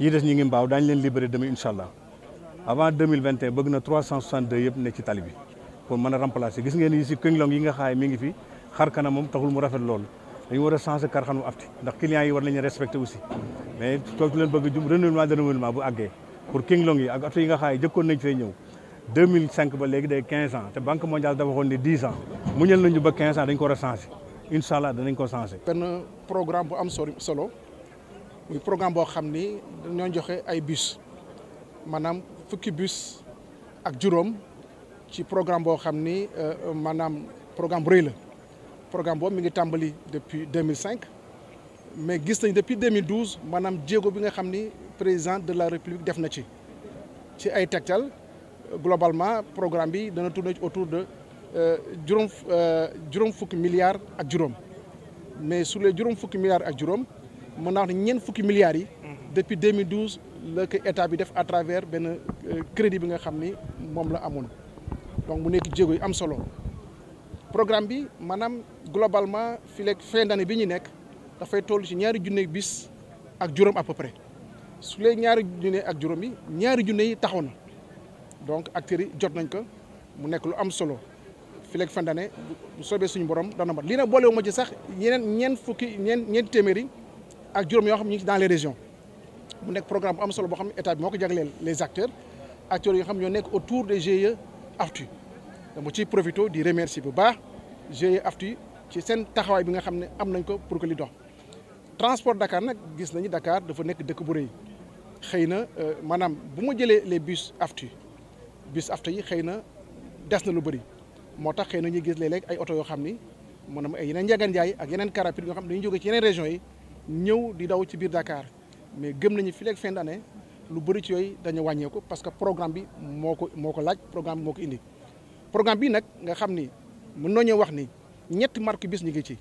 yi des ñu ngi mbaaw daañu leen libéré demain incha allah avant 2021 bëgg na 362 yëpp ne ci tali bi pour mën a remplacer gis ngeen yi si kënglong yi nga xaay mi ngi fi xar kanam taxul mu rafet loolu dañu war a changé kar xanu afti ndax clients yi war nañu respecté aussi mais toog leen bëgg jum renouvellement de renouvellement bu àggee pour kënglong yi ak afti yi nga xaay jëkkoon nañ fee ñëw 2005 ba léegi day 15 ans te banque ans a changé incha allah danañ ko changé. benn le programme de nous avons joxe ay bus Madame fukki bus ak juróom ci programme boo xam ni euh, programme rëy la programme boobu mi ngi depuis 2005 mais depuis 2012 Madame Diego bi nga président de la république def na ci ci ay le globalement programme bi dana tourner autour de euh, Jérôme euh, juróom fukki milliards ak mais sur les Jérôme fukki milliards ak Jérôme, mën naa wax milliards yi. depuis 2012 la état bi def à travers ben crédit bi nga xamni mom la amoon donc mu nek jéego am solo programme bi manam globalement fii léegi fin d'année bi ñi nek da fay toll ci ñaari junne bis ak juróom à peu près su lee ñaari junne ak juróom yi ñaari junne yi taxaw donc acteur yi jot nañ ko mu nek lu am solo fii léegi fin d'année bu soobee suñu borom da na li na bolé wu ma ci sax yenen ñen fukki ñen ñen téméri ak juróom yoo xam ñu ngi dans les régions mu nekk programme bu am solo boo xam état bi moo ko jagleel les acteurs acteurs yoo xam ñoo nekk autour des GIE AFTU dama ciy profité di remercier bu baax GIE AFTU ci seen taxawaay bi nga xam ne am nañ ko pour que li dox transport Dakar nag gis nañu Dakar dafa nekk dëkk bu rëy xëy na euh, maanaam bu ma jëlee les bus AFTU bus AFTU yi xëy na des na lu bëri moo tax xëy na ñuy gis léeg-léeg ay oto yoo xam ni maanaam ay yeneen njëgën jaay ak yeneen car rapide yoo xam ne dañuy jóge ci yeneen régions yi. ñëw di daw ci biir Dakar mais gëm nañu fi léegi fin lu bëri ci yooyu dañu wàññeeku parce que programme bi moo ko moo ko laaj programme bi moo ko indi programme bi nag nga xam ni mën nañoo wax ni ñetti marque bis ñu ngi ci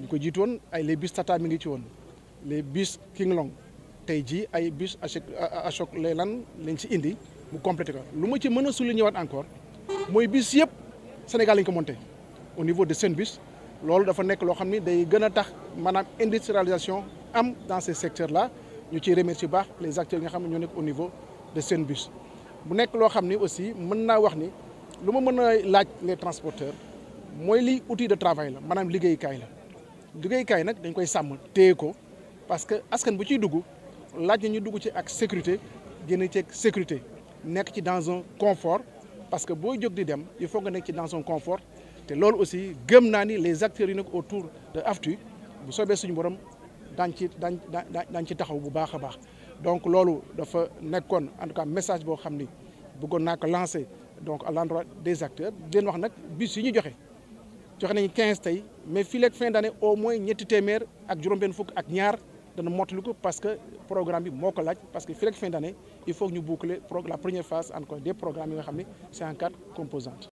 ñu ko jiitu ay les bus Tata mi ngi ci woon les bis King Long tey jii ay bus Ashok Leyland lañ ci indi mu complété ko lu ma ci mën a souligner waat encore mooy bis yëpp Sénégal lañ ko monté au niveau de Senbus C'est dafa nek lo xamni day gëna industrialisation dans ces secteurs là ñu ci les acteurs au niveau de Senbus bu Nous aussi wax ni les transporteurs moy outil de travail la la dañ parce que askan bu dugg laaj ñu dugg ci sécurité ci sécurité dans un confort parce que il faut dans un confort te aussi gëm nani ni les acteurs inok autour de AFTU bu soobee suñu borom daañ ci daañ dans ci taxaw bu baax a donc loolu dafa nekkoon en tout cas message boo xam ni bëggoon naa lancer donc à l'endroit des acteurs di leen wax nag bis yi ñu as une quinze tey mais fii fin d'année au moins ñetti téeméer ak juróom-benn fukk ak ñaar dana mottali parce que programme bi moo laaj parce que fii fin d'année il faut que ñu boucler la première phase encore des programmes yi c'est en quatre composantes